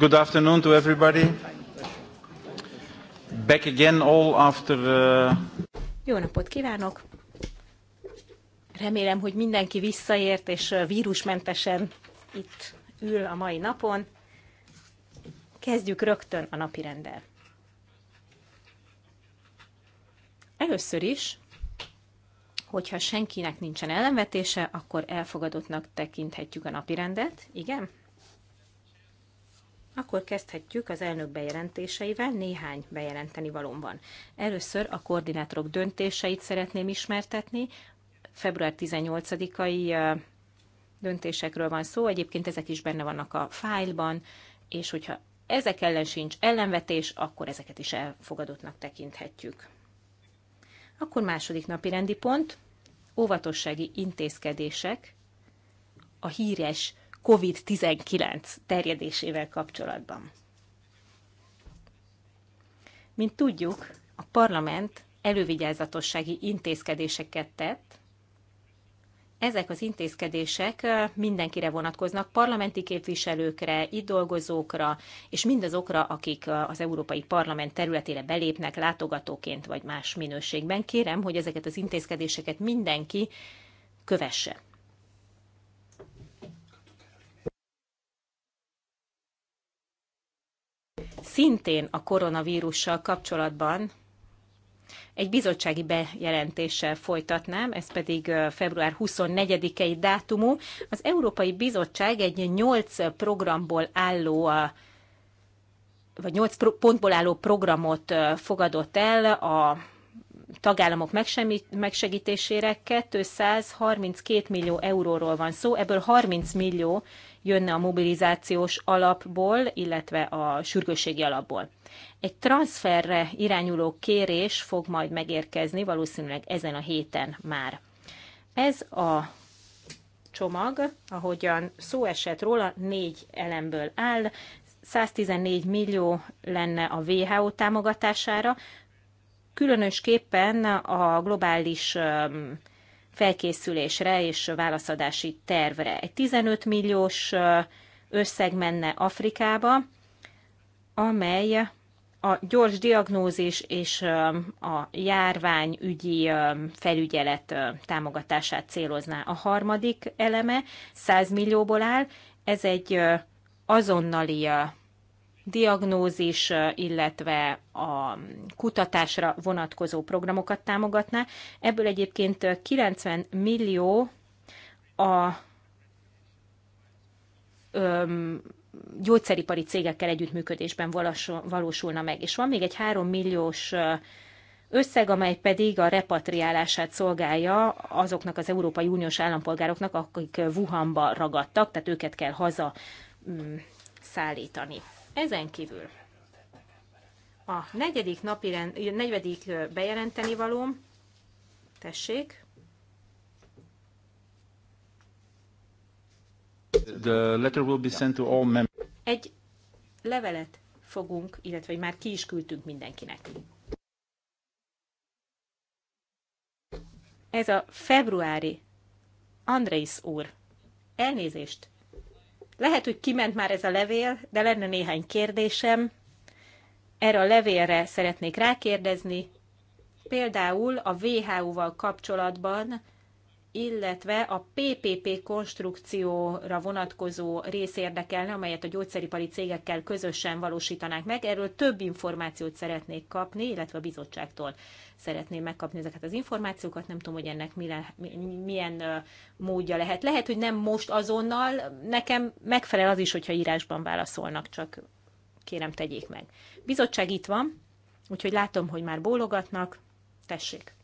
Good afternoon to everybody. Back again all after... Uh... Jó napot kívánok! Remélem, hogy mindenki visszaért, és uh, vírusmentesen itt ül a mai napon. Kezdjük rögtön a napi rendel. Először is, hogyha senkinek nincsen ellenvetése, akkor elfogadottnak tekinthetjük a napirendet. Igen? Akkor kezdhetjük az elnök bejelentéseivel, néhány bejelenteni valóm van. Először a koordinátorok döntéseit szeretném ismertetni. Február 18-ai döntésekről van szó, egyébként ezek is benne vannak a fájlban, és hogyha ezek ellen sincs ellenvetés, akkor ezeket is elfogadottnak tekinthetjük. Akkor második napi rendi pont, óvatossági intézkedések a híres COVID-19 terjedésével kapcsolatban. Mint tudjuk, a parlament elővigyázatossági intézkedéseket tett, ezek az intézkedések mindenkire vonatkoznak, parlamenti képviselőkre, itt dolgozókra, és mindazokra, akik az Európai Parlament területére belépnek látogatóként vagy más minőségben. Kérem, hogy ezeket az intézkedéseket mindenki kövesse. szintén a koronavírussal kapcsolatban egy bizottsági bejelentéssel folytatnám, ez pedig február 24-i dátumú. Az Európai Bizottság egy 8 programból álló vagy 8 pontból álló programot fogadott el a tagállamok megsegítésére 232 millió euróról van szó, ebből 30 millió jönne a mobilizációs alapból, illetve a sürgősségi alapból. Egy transferre irányuló kérés fog majd megérkezni, valószínűleg ezen a héten már. Ez a csomag, ahogyan szó esett róla, négy elemből áll, 114 millió lenne a WHO támogatására, különösképpen a globális felkészülésre és válaszadási tervre. Egy 15 milliós összeg menne Afrikába, amely a gyors diagnózis és a járványügyi felügyelet támogatását célozná. A harmadik eleme 100 millióból áll, ez egy azonnali diagnózis, illetve a kutatásra vonatkozó programokat támogatná. Ebből egyébként 90 millió a öm, gyógyszeripari cégekkel együttműködésben valósulna meg. És van még egy 3 milliós összeg, amely pedig a repatriálását szolgálja azoknak az Európai Uniós állampolgároknak, akik Wuhanba ragadtak, tehát őket kell haza mm, szállítani. Ezen kívül a negyedik, napi rend, negyedik bejelenteni valóm, tessék. The letter will be sent to all members. Egy levelet fogunk, illetve már ki is küldtünk mindenkinek. Ez a februári Andrész úr. Elnézést, lehet, hogy kiment már ez a levél, de lenne néhány kérdésem. Erre a levélre szeretnék rákérdezni. Például a WHO-val kapcsolatban illetve a PPP konstrukcióra vonatkozó rész érdekelne, amelyet a gyógyszeripari cégekkel közösen valósítanák meg. Erről több információt szeretnék kapni, illetve a bizottságtól szeretném megkapni ezeket az információkat. Nem tudom, hogy ennek milyen módja lehet. Lehet, hogy nem most azonnal, nekem megfelel az is, hogyha írásban válaszolnak, csak kérem tegyék meg. Bizottság itt van, úgyhogy látom, hogy már bólogatnak. Tessék!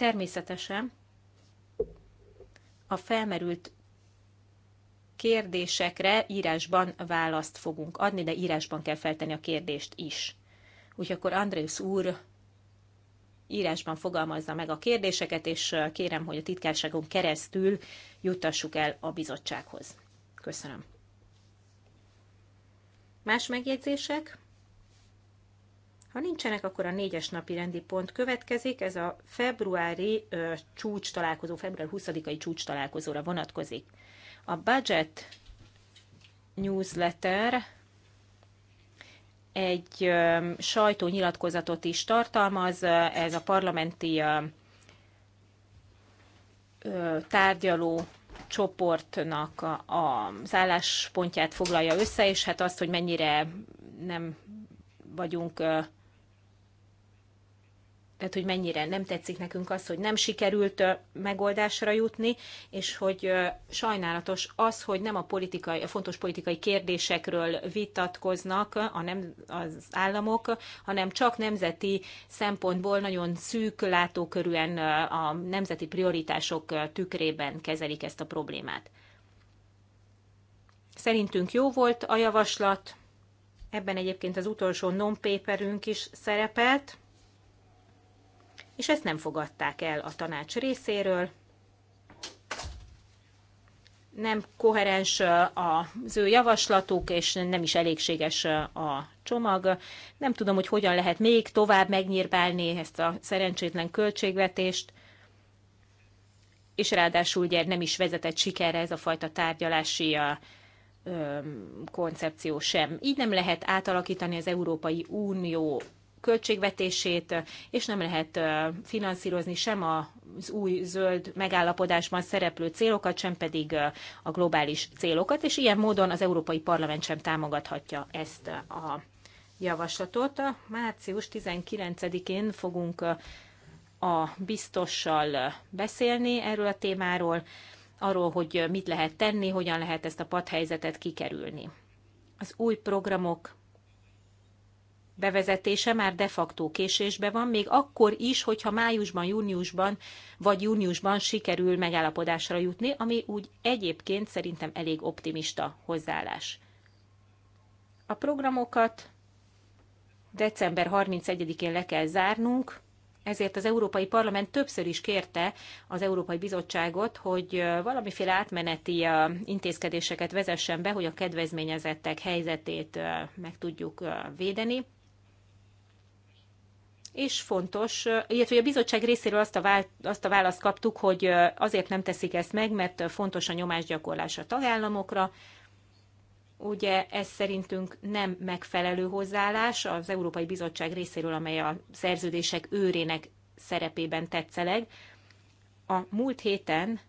Természetesen a felmerült kérdésekre írásban választ fogunk adni, de írásban kell feltenni a kérdést is. Úgyhogy akkor Andrész úr írásban fogalmazza meg a kérdéseket, és kérem, hogy a titkárságon keresztül juttassuk el a bizottsághoz. Köszönöm. Más megjegyzések? Ha nincsenek, akkor a négyes napi rendi pont következik. Ez a februári ö, csúcs találkozó, február 20-ai csúcs találkozóra vonatkozik. A budget newsletter egy ö, sajtónyilatkozatot is tartalmaz. Ez a parlamenti ö, tárgyaló csoportnak a az álláspontját foglalja össze, és hát azt, hogy mennyire nem vagyunk tehát hogy mennyire nem tetszik nekünk az, hogy nem sikerült megoldásra jutni, és hogy sajnálatos az, hogy nem a, politikai, a fontos politikai kérdésekről vitatkoznak a nem, az államok, hanem csak nemzeti szempontból nagyon szűk látókörűen a nemzeti prioritások tükrében kezelik ezt a problémát. Szerintünk jó volt a javaslat, ebben egyébként az utolsó non-paperünk is szerepelt, és ezt nem fogadták el a tanács részéről. Nem koherens az ő javaslatuk, és nem is elégséges a csomag. Nem tudom, hogy hogyan lehet még tovább megnyírbálni ezt a szerencsétlen költségvetést, és ráadásul ugye nem is vezetett sikerre ez a fajta tárgyalási koncepció sem. Így nem lehet átalakítani az Európai Unió költségvetését, és nem lehet finanszírozni sem az új zöld megállapodásban szereplő célokat, sem pedig a globális célokat, és ilyen módon az Európai Parlament sem támogathatja ezt a javaslatot. Március 19-én fogunk a biztossal beszélni erről a témáról, arról, hogy mit lehet tenni, hogyan lehet ezt a padhelyzetet kikerülni. Az új programok bevezetése már de facto késésbe van, még akkor is, hogyha májusban, júniusban vagy júniusban sikerül megállapodásra jutni, ami úgy egyébként szerintem elég optimista hozzáállás. A programokat december 31-én le kell zárnunk, ezért az Európai Parlament többször is kérte az Európai Bizottságot, hogy valamiféle átmeneti intézkedéseket vezessen be, hogy a kedvezményezettek helyzetét meg tudjuk védeni és fontos, illetve a bizottság részéről azt a, vál, azt a választ kaptuk, hogy azért nem teszik ezt meg, mert fontos a nyomásgyakorlás a tagállamokra. Ugye ez szerintünk nem megfelelő hozzáállás az Európai Bizottság részéről, amely a szerződések őrének szerepében tetszeleg. A múlt héten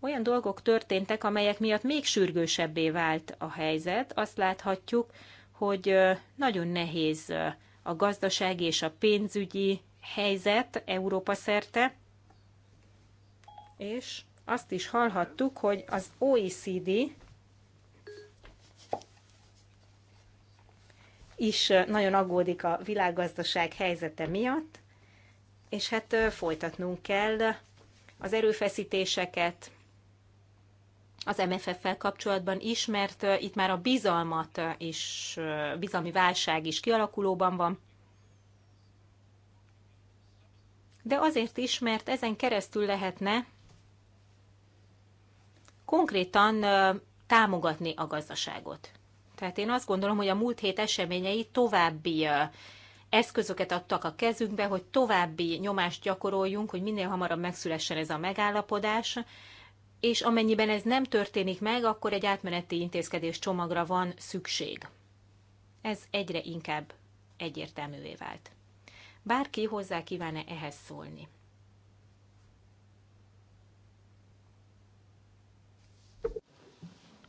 olyan dolgok történtek, amelyek miatt még sürgősebbé vált a helyzet. Azt láthatjuk, hogy nagyon nehéz a gazdasági és a pénzügyi helyzet Európa szerte, és azt is hallhattuk, hogy az OECD is nagyon aggódik a világgazdaság helyzete miatt, és hát folytatnunk kell az erőfeszítéseket, az MFF-fel kapcsolatban is, mert itt már a bizalmat és bizalmi válság is kialakulóban van. De azért is, mert ezen keresztül lehetne konkrétan támogatni a gazdaságot. Tehát én azt gondolom, hogy a múlt hét eseményei további eszközöket adtak a kezünkbe, hogy további nyomást gyakoroljunk, hogy minél hamarabb megszülessen ez a megállapodás, és amennyiben ez nem történik meg, akkor egy átmeneti intézkedés csomagra van szükség. Ez egyre inkább egyértelművé vált. Bárki hozzá kívánne ehhez szólni.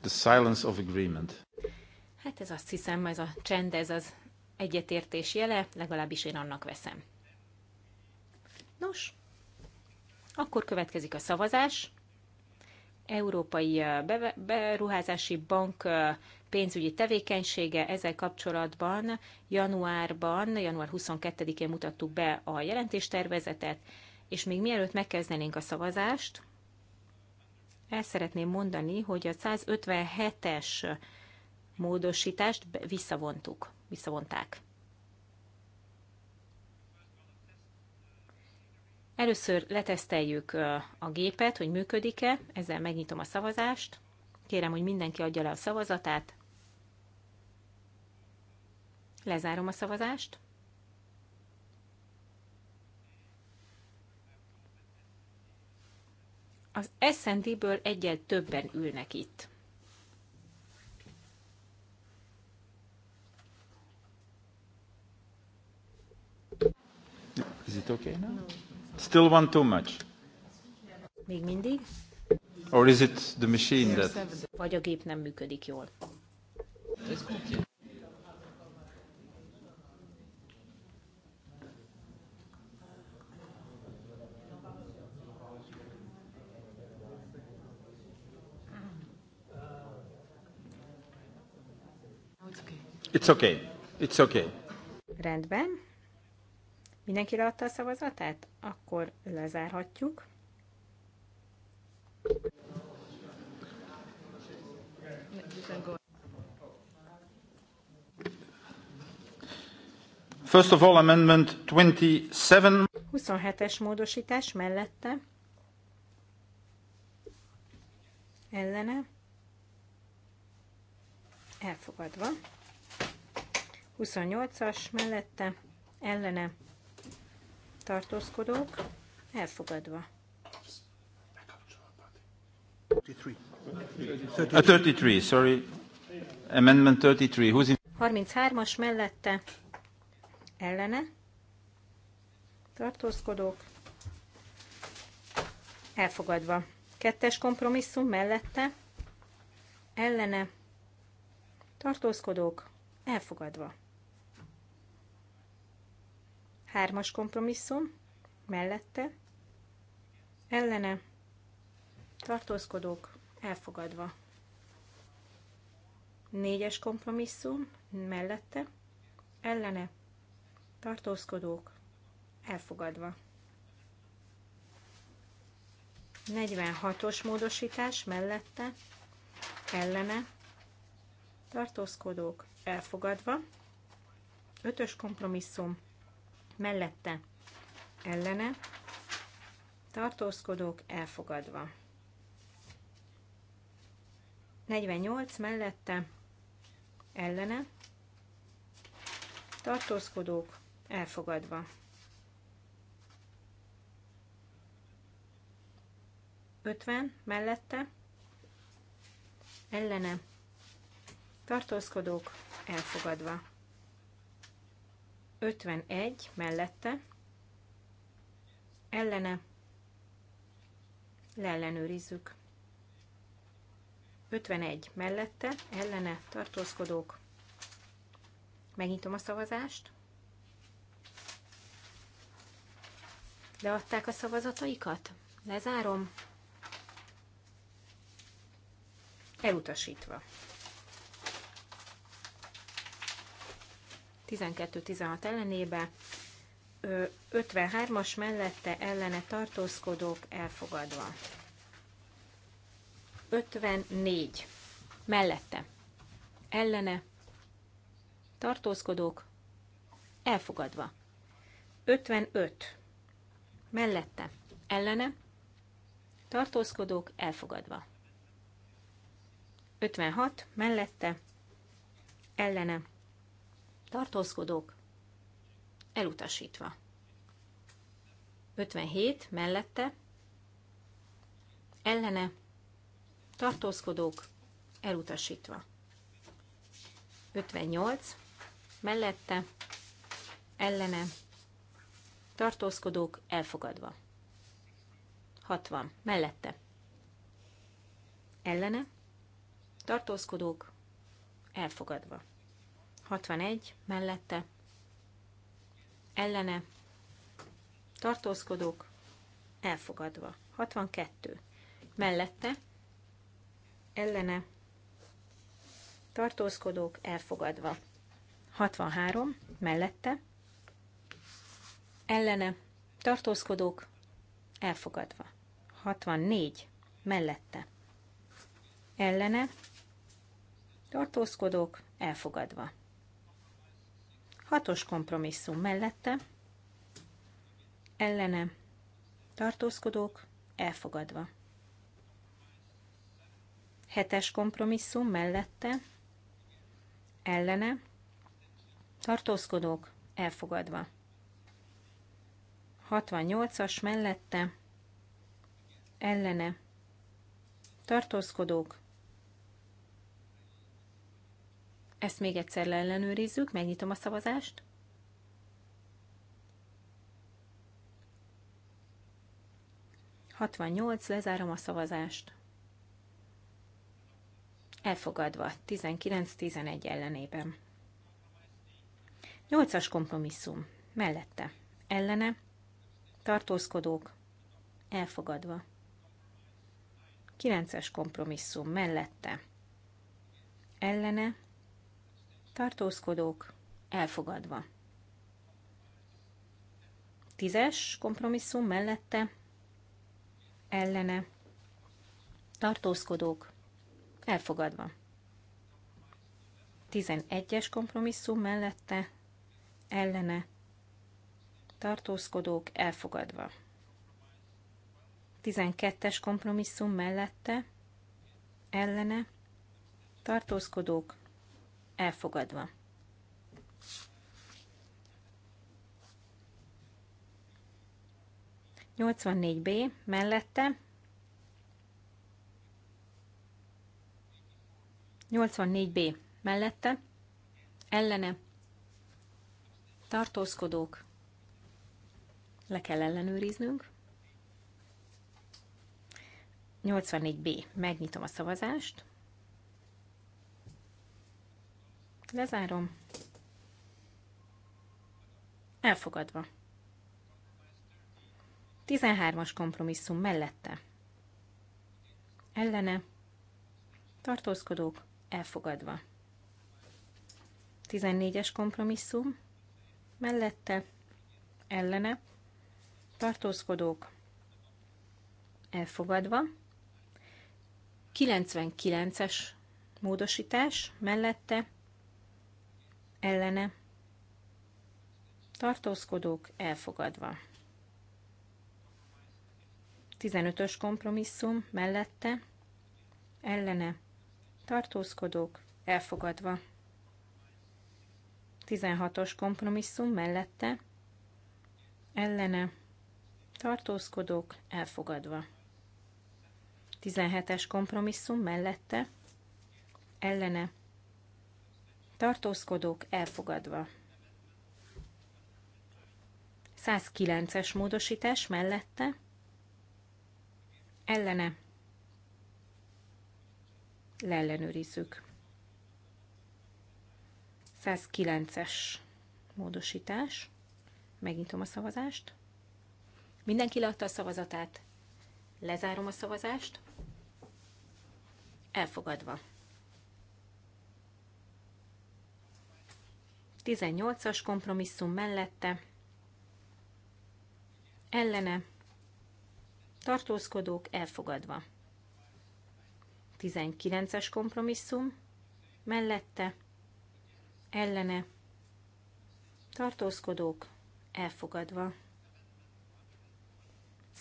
The silence of agreement. Hát ez azt hiszem, ez a csend, ez az egyetértés jele, legalábbis én annak veszem. Nos, akkor következik a szavazás. Európai Beruházási Bank pénzügyi tevékenysége ezzel kapcsolatban januárban, január 22-én mutattuk be a jelentéstervezetet, és még mielőtt megkezdenénk a szavazást, el szeretném mondani, hogy a 157-es módosítást visszavontuk, visszavonták. Először leteszteljük a gépet, hogy működik-e, ezzel megnyitom a szavazást. Kérem, hogy mindenki adja le a szavazatát. Lezárom a szavazást. Az SND-ből egyel többen ülnek itt. Is it okay now? No. Still one too much. Még mindig? Or is it the machine that... Vagy a gép nem működik jól. It's okay. It's okay. Rendben. Mindenki leadta a szavazatát? Akkor lezárhatjuk. First of all, amendment 27. 27-es módosítás mellette. Ellene. Elfogadva. 28-as mellette. Ellene tartózkodók, elfogadva. A 33, sorry. Amendment 33. 33-as mellette ellene tartózkodók elfogadva. Kettes kompromisszum mellette ellene tartózkodók elfogadva. Hármas kompromisszum, mellette, ellene, tartózkodók, elfogadva. Négyes kompromisszum, mellette, ellene, tartózkodók, elfogadva. 46-os módosítás mellette, ellene, tartózkodók, elfogadva. Ötös kompromisszum mellette ellene tartózkodók elfogadva. 48 mellette ellene tartózkodók elfogadva. 50 mellette ellene tartózkodók elfogadva. 51 mellette ellene leellenőrizzük. 51 mellette ellene tartózkodók. Megnyitom a szavazást. Leadták a szavazataikat? Lezárom. Elutasítva. 12-16 ellenébe, 53-as mellette ellene tartózkodók elfogadva. 54 mellette ellene tartózkodók elfogadva. 55 mellette ellene tartózkodók elfogadva. 56 mellette ellene tartózkodók, elutasítva. 57 mellette, ellene, tartózkodók, elutasítva. 58 mellette, ellene, tartózkodók, elfogadva. 60 mellette, ellene, tartózkodók, elfogadva. 61 mellette ellene tartózkodók elfogadva. 62 mellette ellene tartózkodók elfogadva. 63 mellette ellene tartózkodók elfogadva. 64 mellette ellene tartózkodók elfogadva. Hatos kompromisszum mellette, ellene tartózkodók elfogadva. Hetes kompromisszum mellette, ellene tartózkodók elfogadva. 68-as mellette, ellene tartózkodók Ezt még egyszer leellenőrizzük, megnyitom a szavazást. Hatvannyolc, lezárom a szavazást. Elfogadva, 19-11 ellenében. 8-as kompromisszum, mellette, ellene, tartózkodók, elfogadva. 9-es kompromisszum, mellette, ellene, tartózkodók elfogadva. Tízes kompromisszum mellette ellene tartózkodók elfogadva. Tizenegyes kompromisszum mellette ellene tartózkodók elfogadva. Tizenkettes kompromisszum mellette ellene tartózkodók elfogadva. Nyolcvannégy B mellette 84B mellette, ellene, tartózkodók, le kell ellenőriznünk. 84B, megnyitom a szavazást. Lezárom. Elfogadva. 13-as kompromisszum mellette. Ellene. Tartózkodók elfogadva. 14-es kompromisszum mellette. Ellene. Tartózkodók elfogadva. 99-es módosítás mellette ellene tartózkodók elfogadva. 15-ös kompromisszum mellette ellene tartózkodók elfogadva. 16-os kompromisszum mellette ellene tartózkodók elfogadva. 17-es kompromisszum mellette ellene tartózkodók elfogadva. 109-es módosítás mellette, ellene leellenőrizzük. 109-es módosítás. Megnyitom a szavazást. Mindenki leadta a szavazatát. Lezárom a szavazást. Elfogadva. 18-as kompromisszum mellette ellene tartózkodók elfogadva. 19-es kompromisszum mellette ellene tartózkodók elfogadva.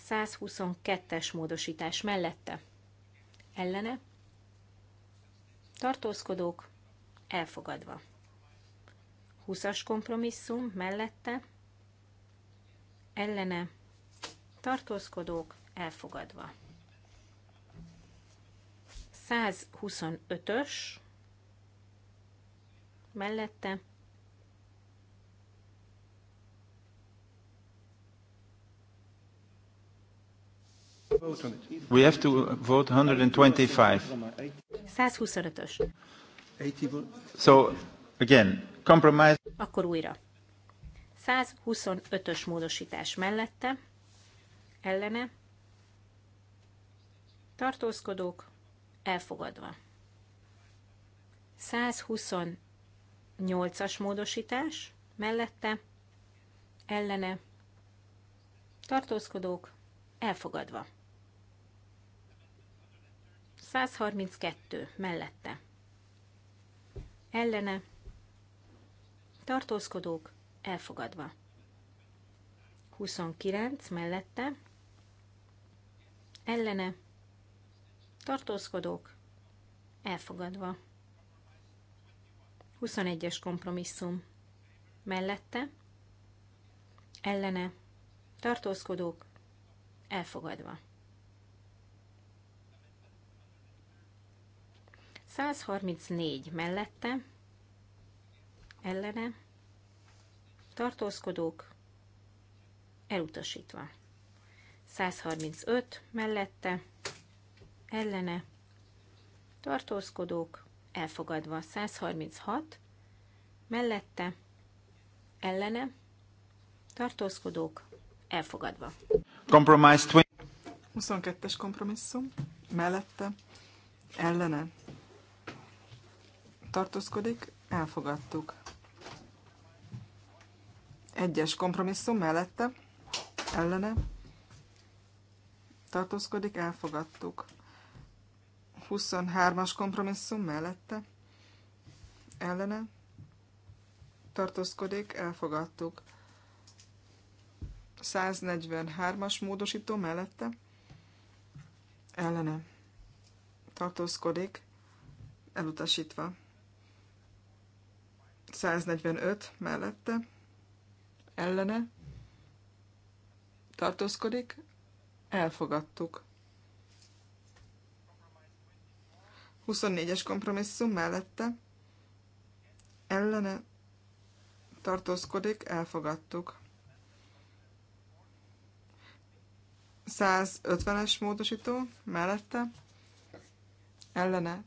122-es módosítás mellette ellene tartózkodók elfogadva. 20-as kompromisszum mellette ellene tartózkodók elfogadva. 125-ös mellette We have to vote 125. 125-ös. So again, Compromise. Akkor újra. 125-ös módosítás mellette, ellene, tartózkodók, elfogadva. 128-as módosítás mellette, ellene, tartózkodók, elfogadva. 132 mellette, ellene, tartózkodók elfogadva. 29 mellette, ellene, tartózkodók elfogadva. 21-es kompromisszum mellette, ellene, tartózkodók elfogadva. 134 mellette, ellene, tartózkodók, elutasítva. 135 mellette, ellene, tartózkodók, elfogadva. 136 mellette, ellene, tartózkodók, elfogadva. Compromise 22-es kompromisszum, mellette, ellene, tartózkodik, elfogadtuk. Egyes kompromisszum mellette, ellene tartózkodik, elfogadtuk. 23-as kompromisszum mellette, ellene tartózkodik, elfogadtuk. 143-as módosító mellette, ellene tartózkodik, elutasítva. 145 mellette, ellene tartózkodik, elfogadtuk. 24-es kompromisszum mellette ellene tartózkodik, elfogadtuk. 150-es módosító mellette ellene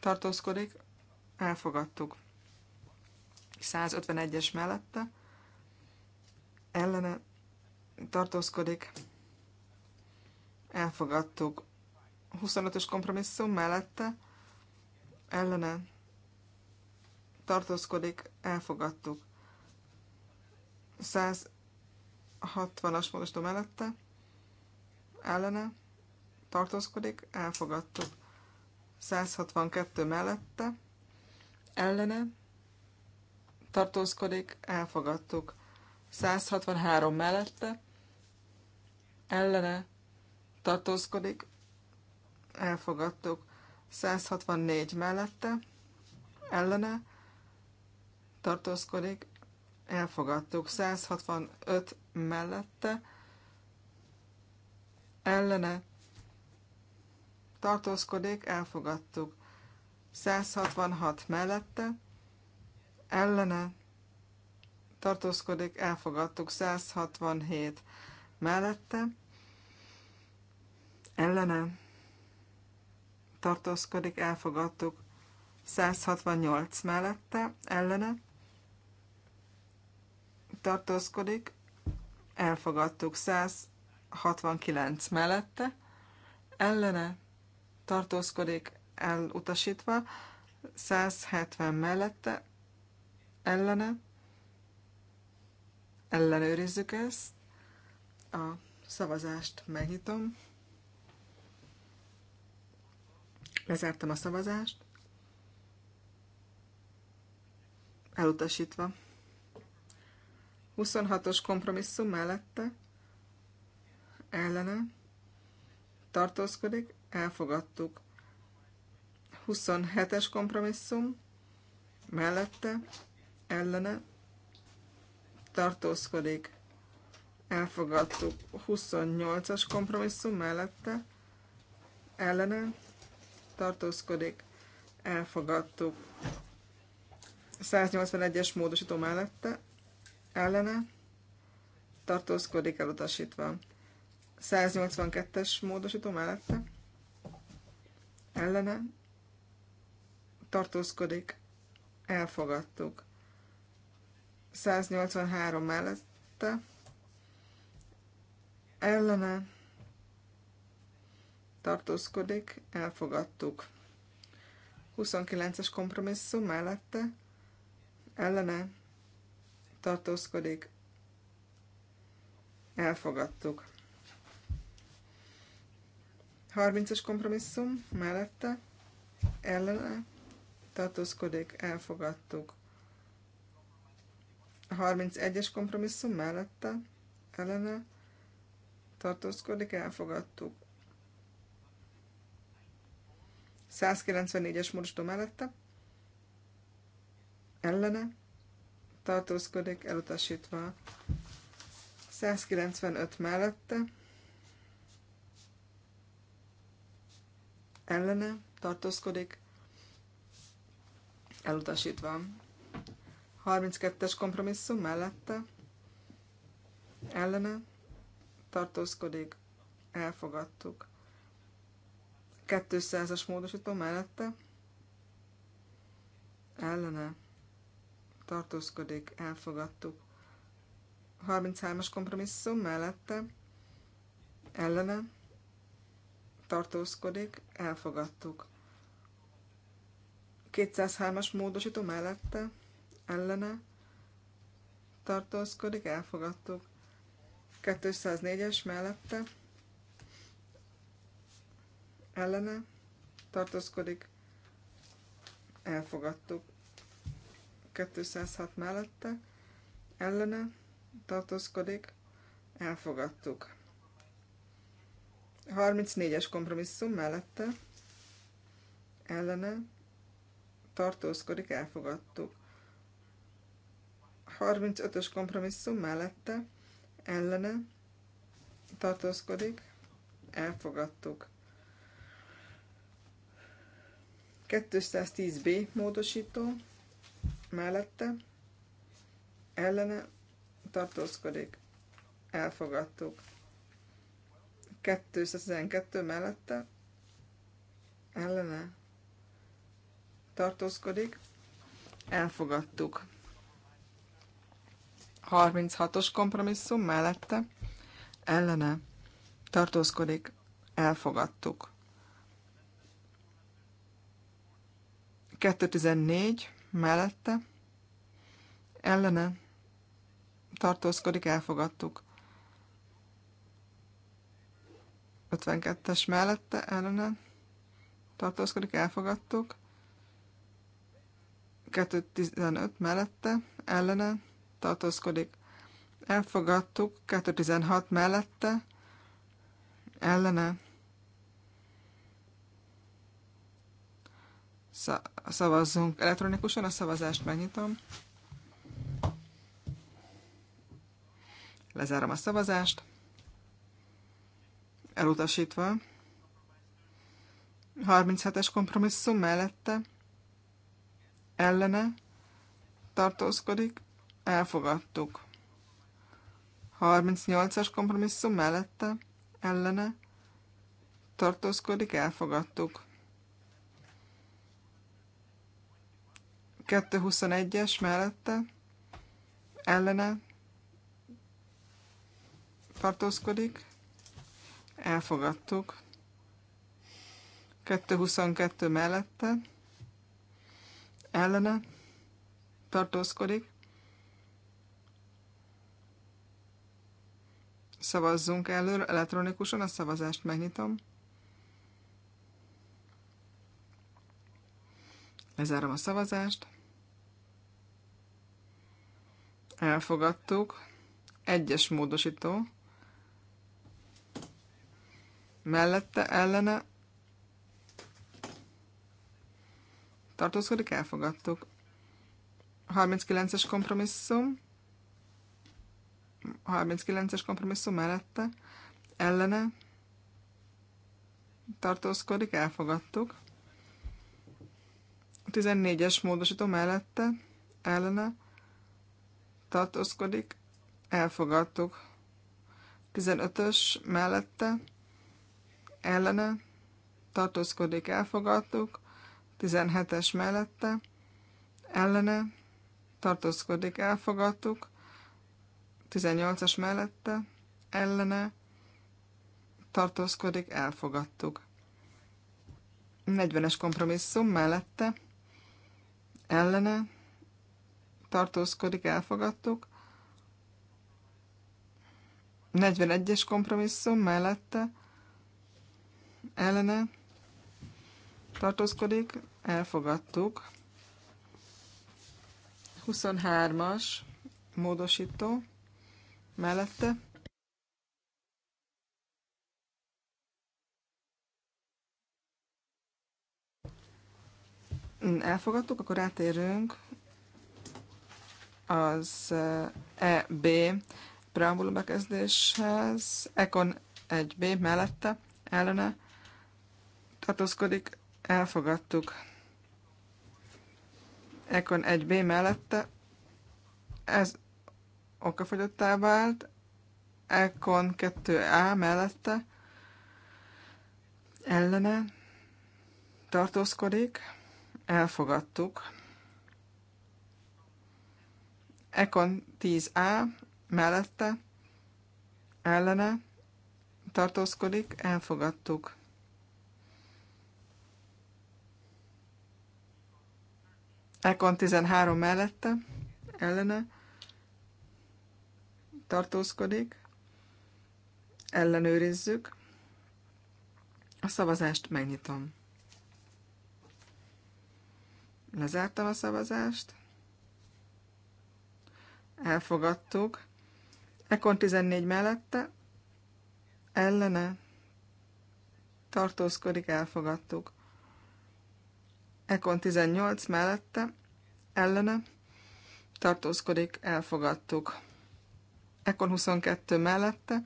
tartózkodik, elfogadtuk. 151-es mellette ellene tartózkodik. Elfogadtuk. 25-ös kompromisszum mellette ellene tartózkodik. Elfogadtuk. 160-as módosító mellette ellene tartózkodik. Elfogadtuk. 162 mellette ellene tartózkodik. Elfogadtuk. 163 mellette, ellene tartózkodik, elfogadtuk. 164 mellette, ellene tartózkodik, elfogadtuk. 165 mellette, ellene tartózkodik, elfogadtuk. 166 mellette, ellene tartózkodik, elfogadtuk 167 mellette, ellene tartózkodik, elfogadtuk 168 mellette, ellene tartózkodik, elfogadtuk 169 mellette, ellene tartózkodik, elutasítva, 170 mellette, ellene ellenőrizzük ezt. A szavazást megnyitom. Lezártam a szavazást. Elutasítva. 26-os kompromisszum mellette ellene tartózkodik, elfogadtuk. 27-es kompromisszum mellette ellene tartózkodik, elfogadtuk 28-as kompromisszum mellette, ellene tartózkodik, elfogadtuk 181-es módosító mellette, ellene tartózkodik elutasítva. 182-es módosító mellette, ellene tartózkodik, elfogadtuk. 183 mellette ellene tartózkodik, elfogadtuk. 29-es kompromisszum mellette ellene tartózkodik, elfogadtuk. 30-es kompromisszum mellette ellene tartózkodik, elfogadtuk. A 31-es kompromisszum mellette ellene tartózkodik, elfogadtuk. 194-es módosító mellette ellene tartózkodik, elutasítva. 195 mellette ellene tartózkodik, elutasítva. 32-es kompromisszum mellette ellene tartózkodik, elfogadtuk. 200-as módosító mellette ellene tartózkodik, elfogadtuk. 33-as kompromisszum mellette ellene tartózkodik, elfogadtuk. 203-as módosító mellette ellene tartózkodik, elfogadtuk. 204-es mellette ellene tartózkodik, elfogadtuk. 206 mellette ellene tartózkodik, elfogadtuk. 34-es kompromisszum mellette ellene tartózkodik, elfogadtuk. 35-ös kompromisszum mellette ellene tartózkodik, elfogadtuk. 210b módosító mellette ellene tartózkodik, elfogadtuk. 212 mellette ellene tartózkodik, elfogadtuk. 36-os kompromisszum mellette ellene tartózkodik, elfogadtuk. 214 mellette ellene tartózkodik, elfogadtuk. 52-es mellette ellene tartózkodik, elfogadtuk. 215 mellette ellene tartózkodik. Elfogadtuk 216 mellette, ellene szavazzunk elektronikusan, a szavazást megnyitom. Lezárom a szavazást. Elutasítva. 37-es kompromisszum mellette ellene tartózkodik, elfogadtuk. 38-as kompromisszum mellette, ellene, tartózkodik, elfogadtuk. 221-es mellette, ellene, tartózkodik, elfogadtuk. 222 mellette, ellene, tartózkodik, Szavazzunk előre elektronikusan, a szavazást megnyitom. Lezárom a szavazást. Elfogadtuk. Egyes módosító. Mellette, ellene. Tartózkodik, elfogadtuk. 39-es kompromisszum 39-es kompromisszum mellette ellene tartózkodik, elfogadtuk. A 14-es módosító mellette ellene tartózkodik, elfogadtuk. 15-ös mellette ellene tartózkodik, elfogadtuk. 17-es mellette ellene tartózkodik, elfogadtuk. 18-as mellette ellene tartózkodik, elfogadtuk. 40-es kompromisszum mellette ellene tartózkodik, elfogadtuk. 41-es kompromisszum mellette ellene tartózkodik, elfogadtuk. 23-as módosító mellette. Elfogadtuk, akkor rátérünk az EB eh, e preambulum bekezdéshez, Econ 1B mellette, ellene tartózkodik, elfogadtuk. Econ 1B mellette, ez okafogyottá vált, Econ 2A mellette ellene tartózkodik, elfogadtuk. Econ 10A mellette ellene tartózkodik, elfogadtuk. Econ 13 mellette ellene tartózkodik, ellenőrizzük, a szavazást megnyitom. Lezártam a szavazást, elfogadtuk, Ekon 14 mellette, ellene, tartózkodik, elfogadtuk. Ekon 18 mellette, ellene, tartózkodik, elfogadtuk. Ekon 22 mellette,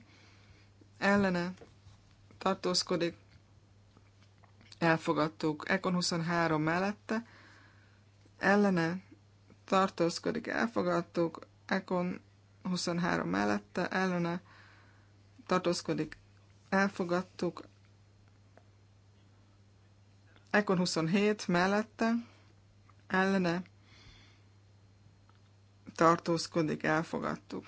ellene tartózkodik, elfogadtuk. Ekon 23 mellette, ellene tartózkodik, elfogadtuk. Ekon 23 mellette, ellene tartózkodik, elfogadtuk. Ekon 27 mellette, ellene tartózkodik, elfogadtuk.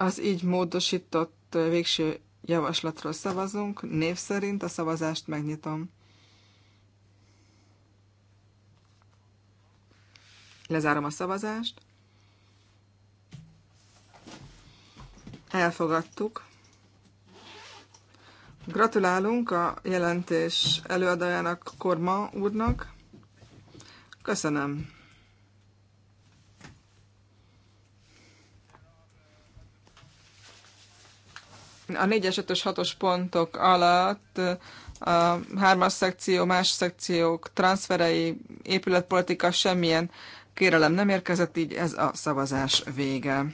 Az így módosított végső javaslatról szavazunk. Név szerint a szavazást megnyitom. Lezárom a szavazást. Elfogadtuk. Gratulálunk a jelentés előadójának Korma úrnak. Köszönöm. A 4-es, 5-ös, 6-os pontok alatt a hármas szekció, más szekciók, transferei, épületpolitika, semmilyen kérelem nem érkezett, így ez a szavazás vége.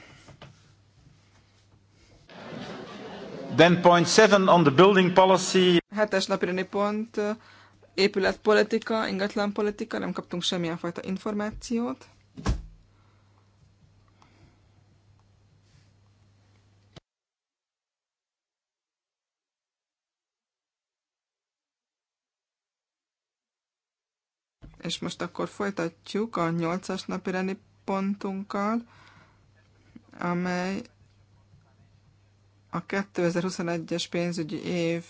Then point seven on the building policy. Hetes napirani pont, épületpolitika, ingatlanpolitika, nem kaptunk semmilyen fajta információt. És most akkor folytatjuk a nyolcas napi rendi pontunkkal, amely a 2021-es pénzügyi év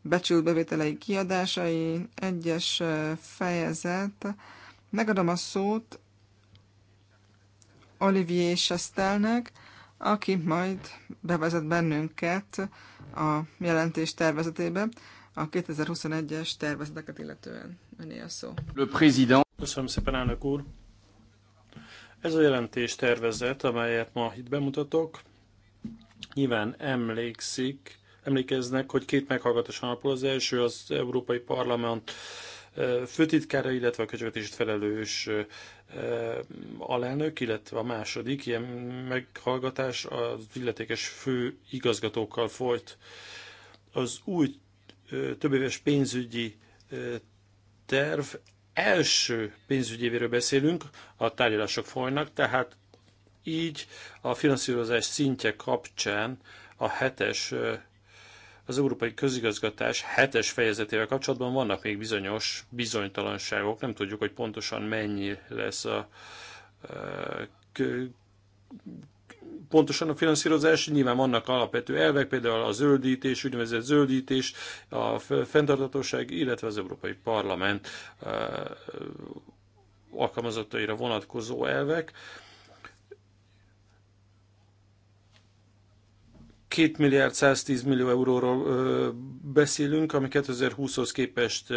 becsült bevételei kiadásai, egyes fejezet. Megadom a szót Olivier Sestelnek, aki majd bevezet bennünket a jelentés tervezetébe a 2021-es tervezeteket illetően öné a szó. Le président. Köszönöm szépen, elnök úr. Ez a jelentés tervezet, amelyet ma itt bemutatok, nyilván emlékszik, emlékeznek, hogy két meghallgatás alapul. Az első az Európai Parlament főtitkára, illetve a költségvetését felelős alelnök, illetve a második ilyen meghallgatás az illetékes fő igazgatókkal folyt. Az új többéves pénzügyi terv első pénzügyévéről beszélünk, a tárgyalások folynak, tehát így a finanszírozás szintje kapcsán a hetes az európai közigazgatás hetes fejezetével kapcsolatban vannak még bizonyos bizonytalanságok, nem tudjuk, hogy pontosan mennyi lesz a pontosan a finanszírozás, nyilván vannak alapvető elvek, például a zöldítés, úgynevezett zöldítés, a fenntartatóság, illetve az Európai Parlament alkalmazottaira vonatkozó elvek. Két milliárd 110 millió euróról beszélünk, ami 2020-hoz képest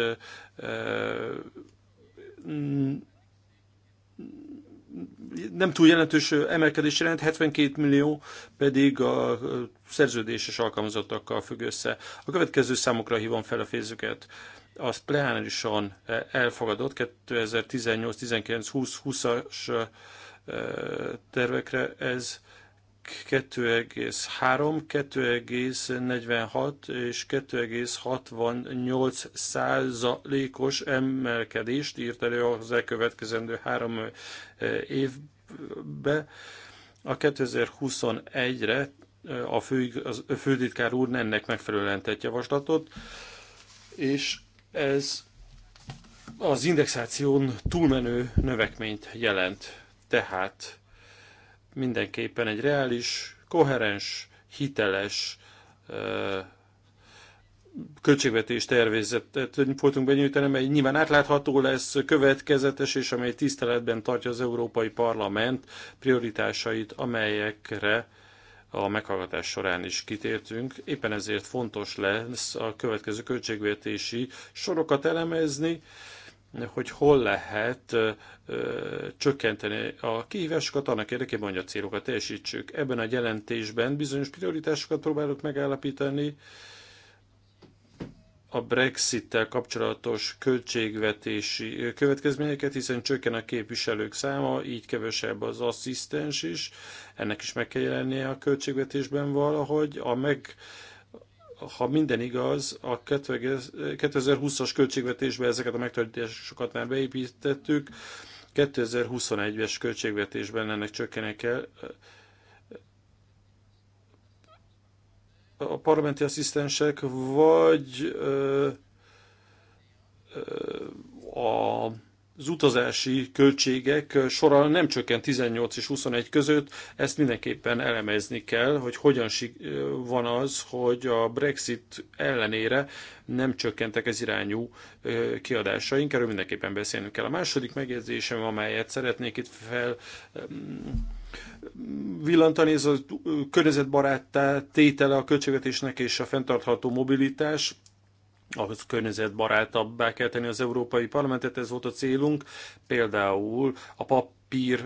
nem túl jelentős emelkedés jelent, 72 millió pedig a szerződéses alkalmazottakkal függ össze. A következő számokra hívom fel a fézüket az plenárisan elfogadott 2018-19-20-20-as tervekre, ez 2,3, 2,46 és 2,68 százalékos emelkedést írt elő az elkövetkezendő három eh, évbe. A 2021-re eh, a, fő, az, a főtitkár úr ennek megfelelően tett javaslatot, és ez az indexáción túlmenő növekményt jelent. Tehát mindenképpen egy reális, koherens, hiteles költségvetés tervezetet folytunk benyújtani, amely nyilván átlátható lesz, következetes, és amely tiszteletben tartja az Európai Parlament prioritásait, amelyekre a meghallgatás során is kitértünk. Éppen ezért fontos lesz a következő költségvetési sorokat elemezni, hogy hol lehet ö, ö, csökkenteni a kihívásokat annak érdekében, hogy a célokat teljesítsük. Ebben a jelentésben bizonyos prioritásokat próbálok megállapítani, a Brexit-tel kapcsolatos költségvetési következményeket, hiszen csökken a képviselők száma, így kevesebb az asszisztens is, ennek is meg kell jelennie a költségvetésben valahogy, a meg ha minden igaz, a 2020-as költségvetésbe ezeket a megtakarításokat már beépítettük, 2021-es költségvetésben ennek csökkenek el. A parlamenti asszisztensek vagy a az utazási költségek sora nem csökken 18 és 21 között, ezt mindenképpen elemezni kell, hogy hogyan van az, hogy a Brexit ellenére nem csökkentek ez irányú kiadásaink, erről mindenképpen beszélnünk kell. A második megjegyzésem, amelyet szeretnék itt fel mm, villantani, ez a környezetbarát tétele a költségvetésnek és a fenntartható mobilitás ahhoz környezetbarátabbá kell tenni az Európai Parlamentet, ez volt a célunk. Például a papír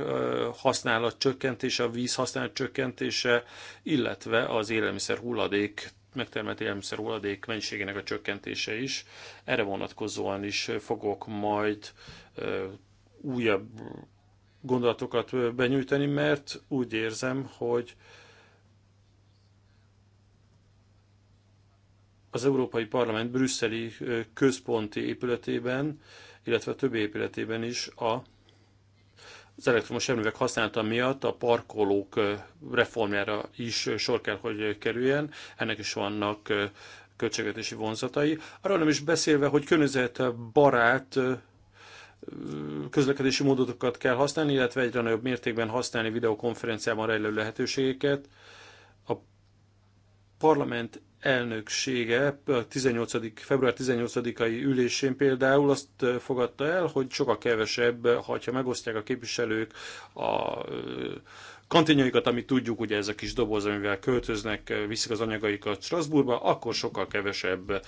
használat csökkentése, a víz használat csökkentése, illetve az élelmiszer hulladék megtermelt élelmiszer hulladék mennyiségének a csökkentése is. Erre vonatkozóan is fogok majd újabb gondolatokat benyújtani, mert úgy érzem, hogy az Európai Parlament brüsszeli központi épületében, illetve a többi épületében is a az elektromos erőművek használata miatt a parkolók reformjára is sor kell, hogy kerüljen. Ennek is vannak költségvetési vonzatai. Arról nem is beszélve, hogy barát közlekedési módotokat kell használni, illetve egyre nagyobb mértékben használni videokonferenciában rejlő lehetőségeket. A parlament elnöksége a 18. február 18-ai ülésén például azt fogadta el, hogy sokkal kevesebb, ha megosztják a képviselők a kantinjaikat, amit tudjuk, ugye ez a kis doboz, amivel költöznek, viszik az anyagaikat Strasbourgba, akkor sokkal kevesebb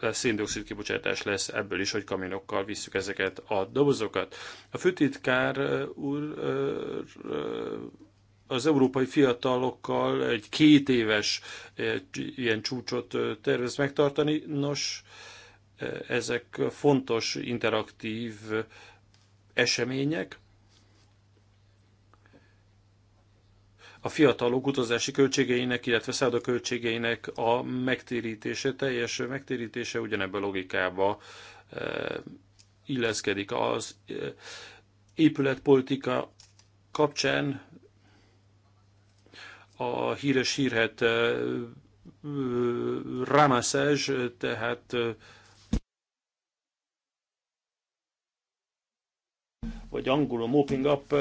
széndiokszid kibocsátás lesz ebből is, hogy kaminokkal visszük ezeket a dobozokat. A főtitkár úr az európai fiatalokkal egy két éves eh, ilyen csúcsot eh, tervez megtartani. Nos, eh, ezek fontos interaktív események. A fiatalok utazási költségeinek, illetve szálloda költségeinek a megtérítése, teljes megtérítése ugyanebben a logikába illeszkedik. Az épületpolitika kapcsán a híres hírhet Ramaszás, tehát vagy angolul mopping up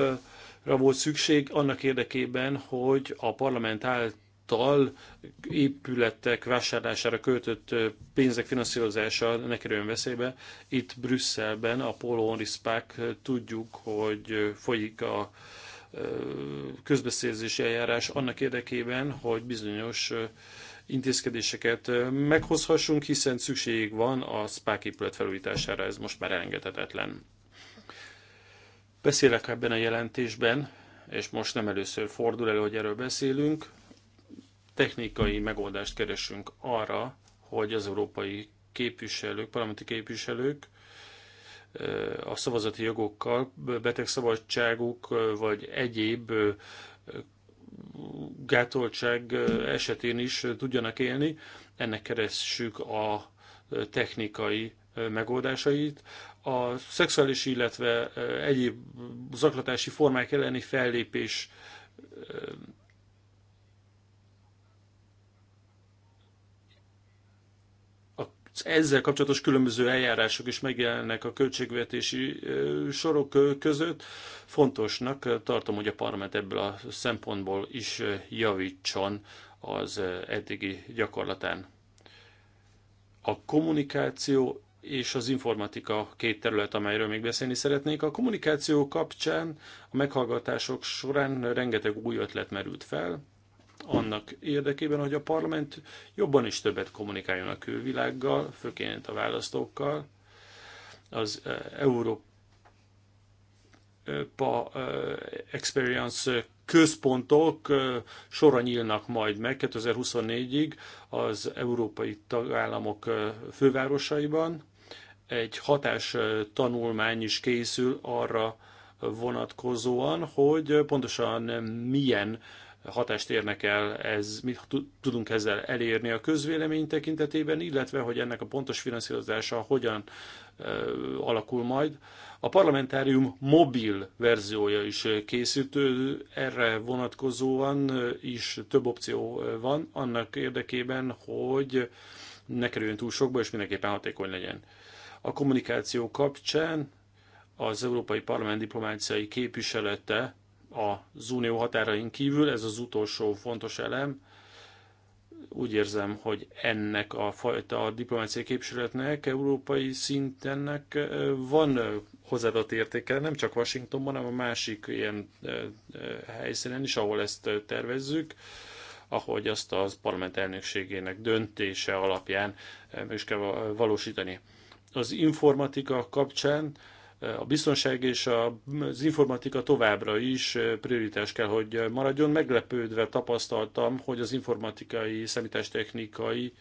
volt szükség annak érdekében, hogy a parlament által épületek vásárlására költött pénzek finanszírozása ne kerüljön veszélybe. Itt Brüsszelben a Polo Rispák tudjuk, hogy folyik a közbeszerzési eljárás annak érdekében, hogy bizonyos intézkedéseket meghozhassunk, hiszen szükség van a SPÁK épület felújítására, ez most már elengedhetetlen. Beszélek ebben a jelentésben, és most nem először fordul elő, hogy erről beszélünk, technikai megoldást keresünk arra, hogy az európai képviselők, parlamenti képviselők a szavazati jogokkal, betegszabadságuk vagy egyéb gátoltság esetén is tudjanak élni. Ennek keressük a technikai megoldásait. A szexuális, illetve egyéb zaklatási formák elleni fellépés ezzel kapcsolatos különböző eljárások is megjelennek a költségvetési sorok között. Fontosnak tartom, hogy a parlament ebből a szempontból is javítson az eddigi gyakorlatán. A kommunikáció és az informatika két terület, amelyről még beszélni szeretnék. A kommunikáció kapcsán a meghallgatások során rengeteg új ötlet merült fel, annak érdekében, hogy a parlament jobban és többet kommunikáljon a külvilággal, főként a választókkal, az eh, Európa eh, eh, Experience központok sora nyílnak majd meg 2024-ig az európai tagállamok fővárosaiban. Egy hatás tanulmány is készül arra vonatkozóan, hogy pontosan milyen hatást érnek el, ez, mit tudunk ezzel elérni a közvélemény tekintetében, illetve hogy ennek a pontos finanszírozása hogyan alakul majd. A parlamentárium mobil verziója is készült, erre vonatkozóan is több opció van, annak érdekében, hogy ne kerüljön túl sokba, és mindenképpen hatékony legyen. A kommunikáció kapcsán az Európai Parlament diplomáciai képviselete az unió határain kívül, ez az utolsó fontos elem. Úgy érzem, hogy ennek a fajta a diplomáciai képviseletnek, európai szintennek van hozzáadott értéke, nem csak Washingtonban, hanem a másik ilyen helyszínen is, ahol ezt tervezzük, ahogy azt az parlament elnökségének döntése alapján meg is kell valósítani. Az informatika kapcsán a biztonság és az informatika továbbra is prioritás kell, hogy maradjon. Meglepődve tapasztaltam, hogy az informatikai, számítástechnikai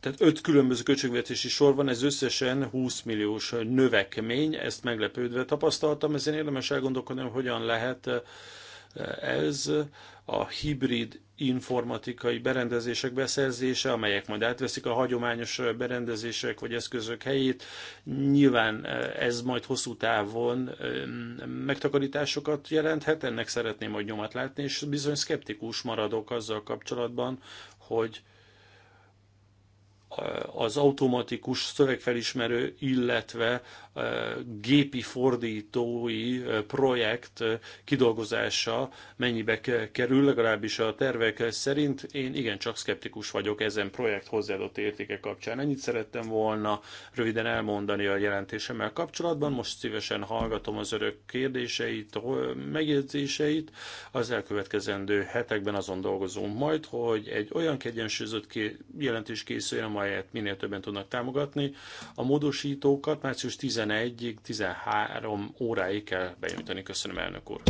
tehát öt különböző költségvetési sor van, ez összesen 20 milliós növekmény, ezt meglepődve tapasztaltam, ezért érdemes elgondolkodni, hogyan lehet ez a hibrid informatikai berendezések beszerzése, amelyek majd átveszik a hagyományos berendezések vagy eszközök helyét. Nyilván eh, ez majd hosszú távon eh, megtakarításokat jelenthet, ennek szeretném majd nyomat látni, és bizony szkeptikus maradok azzal kapcsolatban, hogy eh, az automatikus szövegfelismerő, illetve gépi fordítói projekt kidolgozása mennyibe kerül, legalábbis a tervek szerint. Én igencsak szkeptikus vagyok ezen projekt hozzáadott értéke kapcsán. Ennyit szerettem volna röviden elmondani a jelentésemmel kapcsolatban. Most szívesen hallgatom az örök kérdéseit, megjegyzéseit. Az elkövetkezendő hetekben azon dolgozunk majd, hogy egy olyan kiegyensúlyozott jelentés készüljön, amelyet minél többen tudnak támogatni. A módosítókat március 10 11-ig, 13 óráig kell benyújtani. Köszönöm, elnök úr.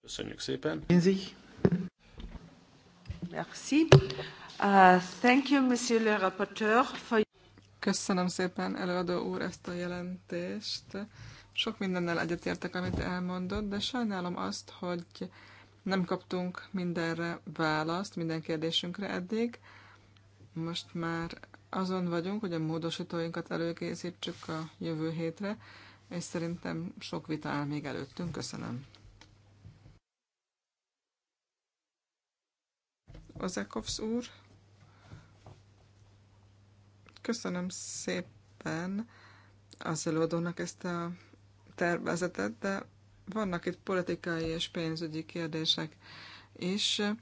Köszönjük szépen. Merci. Uh, thank you, monsieur le rapporteur, for... Köszönöm szépen, előadó úr, ezt a jelentést. Sok mindennel egyetértek, amit elmondott, de sajnálom azt, hogy nem kaptunk mindenre választ, minden kérdésünkre eddig. Most már azon vagyunk, hogy a módosítóinkat előkészítsük a jövő hétre, és szerintem sok vita áll még előttünk. Köszönöm. Ozekovsz úr, köszönöm szépen az előadónak ezt a tervezetet, de vannak itt politikai és pénzügyi kérdések is. És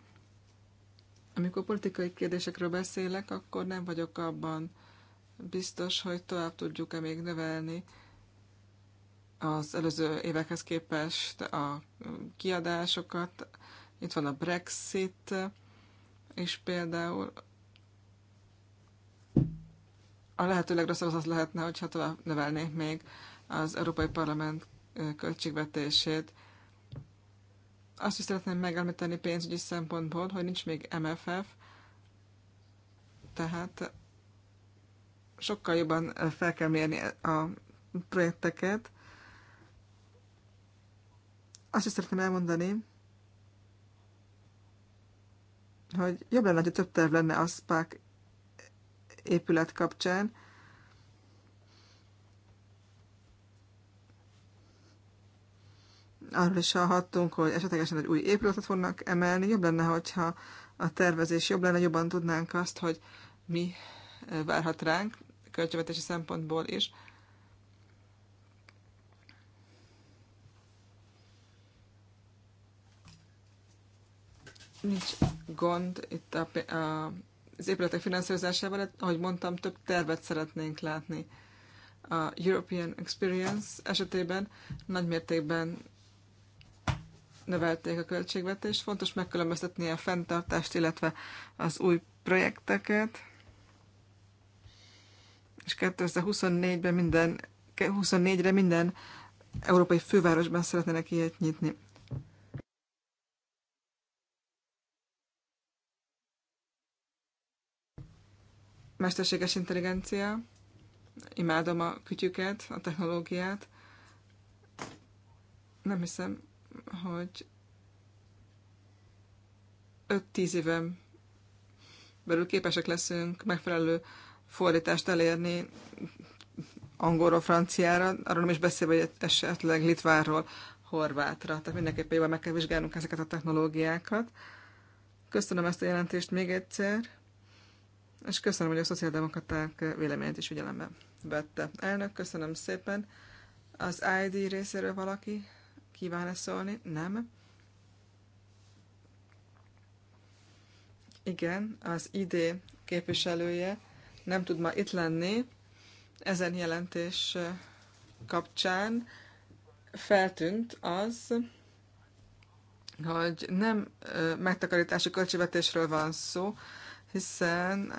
amikor politikai kérdésekről beszélek, akkor nem vagyok abban biztos, hogy tovább tudjuk-e még növelni az előző évekhez képest a kiadásokat. Itt van a Brexit, és például a lehető legrosszabb az lehetne, hogyha tovább növelnék még az Európai Parlament költségvetését. Azt is szeretném megemlíteni pénzügyi szempontból, hogy nincs még MFF, tehát sokkal jobban fel kell mérni a projekteket. Azt is szeretném elmondani, hogy jobb lenne, hogy több terv lenne a SPAC épület kapcsán, arról is hallhattunk, hogy esetlegesen egy új épületet fognak emelni. Jobb lenne, hogyha a tervezés jobb lenne, jobban tudnánk azt, hogy mi várhat ránk költségvetési szempontból is. Nincs gond itt a, a, az épületek finanszírozásával, ahogy mondtam, több tervet szeretnénk látni. A European Experience esetében nagymértékben növelték a költségvetést. Fontos megkülönböztetni a fenntartást, illetve az új projekteket. És 2024-ben minden, 24-re minden európai fővárosban szeretnének ilyet nyitni. Mesterséges intelligencia. Imádom a kütyüket, a technológiát. Nem hiszem, hogy 5-10 éven belül képesek leszünk megfelelő fordítást elérni angolról, franciára, arról nem is beszélve, hogy esetleg litvárról, horvátra. Tehát mindenképpen jól meg kell vizsgálnunk ezeket a technológiákat. Köszönöm ezt a jelentést még egyszer, és köszönöm, hogy a szociáldemokraták véleményét is figyelembe vette. Elnök, köszönöm szépen. Az ID részéről valaki? ki e Nem. Igen, az ID képviselője nem tud ma itt lenni. Ezen jelentés kapcsán feltűnt az, hogy nem megtakarítási költségvetésről van szó, hiszen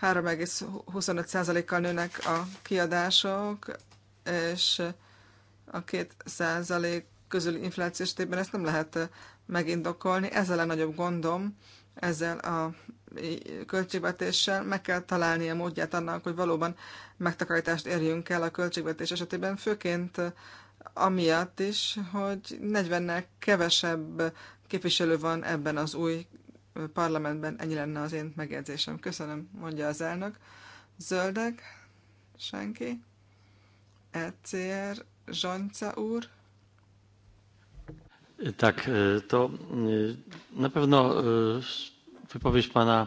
3,25%-kal nőnek a kiadások, és a két százalék közüli infláció esetében ezt nem lehet megindokolni. Ez a legnagyobb gondom ezzel a költségvetéssel. Meg kell találni a módját annak, hogy valóban megtakarítást érjünk el a költségvetés esetében, főként amiatt is, hogy 40-nel kevesebb képviselő van ebben az új parlamentben. Ennyi lenne az én megjegyzésem. Köszönöm, mondja az elnök. Zöldek? Senki? ECR? Żonca úr. Tak, e, to e, na pewno e, wypowiedź pana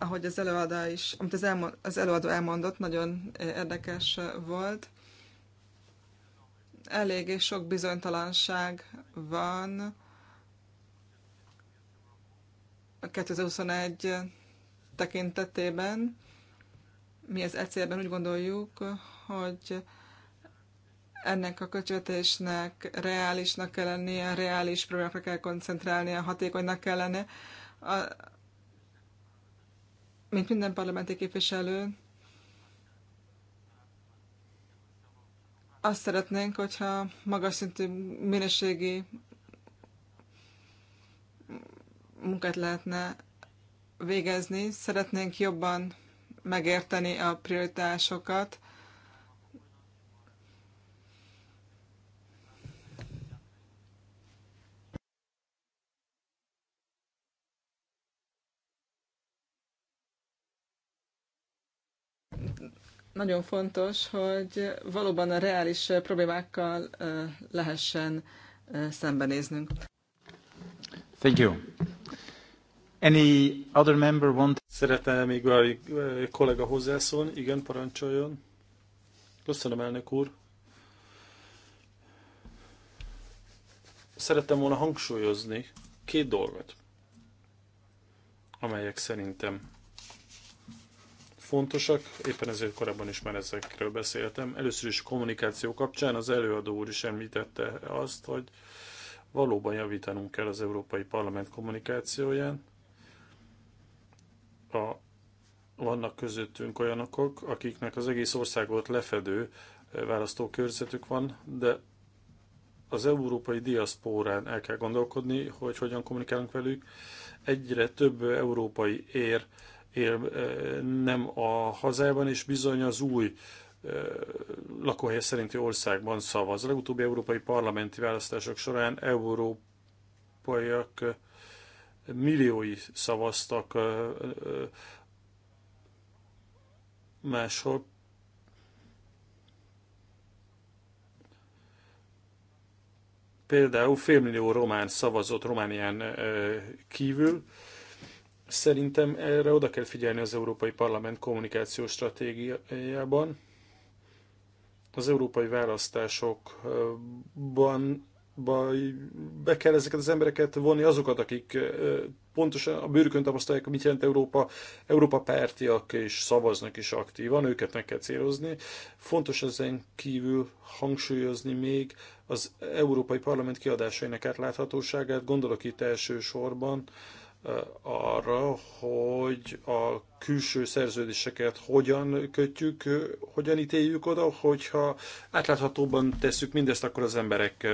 ahogy az előadó is, amit az, elmo- az előadó elmondott, nagyon érdekes volt. Eléggé sok bizonytalanság van 2021 tekintetében. Mi az ecr úgy gondoljuk, hogy ennek a költségvetésnek reálisnak kell lennie, reális problémákra kell koncentrálnia, hatékonynak kell lennie. A, mint minden parlamenti képviselő, azt szeretnénk, hogyha magas szintű minőségi munkát lehetne végezni, szeretnénk jobban megérteni a prioritásokat, nagyon fontos, hogy valóban a reális problémákkal lehessen szembenéznünk. Thank you. Any other member want... Szeretne még valami kollega hozzászólni? Igen, parancsoljon. Köszönöm, elnök úr. Szerettem volna hangsúlyozni két dolgot, amelyek szerintem fontosak, éppen ezért korábban is már ezekről beszéltem. Először is kommunikáció kapcsán az előadó úr is említette azt, hogy valóban javítanunk kell az Európai Parlament kommunikációján. A, vannak közöttünk olyanok, akiknek az egész országot lefedő eh, választókörzetük van, de az európai diaszpórán el kell gondolkodni, hogy hogyan kommunikálunk velük. Egyre több európai ér él nem a hazában és bizony az új lakóhely szerinti országban szavaz. A legutóbbi európai parlamenti választások során európaiak milliói szavaztak máshol. Például félmillió román szavazott Románián kívül, Szerintem erre oda kell figyelni az Európai Parlament kommunikációs stratégiájában. Az európai választásokban be kell ezeket az embereket vonni, azokat, akik pontosan a bőrükön tapasztalják, mit jelent Európa, Európa pártiak, és szavaznak is aktívan, őket meg kell célozni. Fontos ezen kívül hangsúlyozni még az Európai Parlament kiadásainak átláthatóságát, gondolok itt elsősorban arra, hogy a külső szerződéseket hogyan kötjük, hogyan ítéljük oda, hogyha átláthatóban tesszük mindezt, akkor az emberek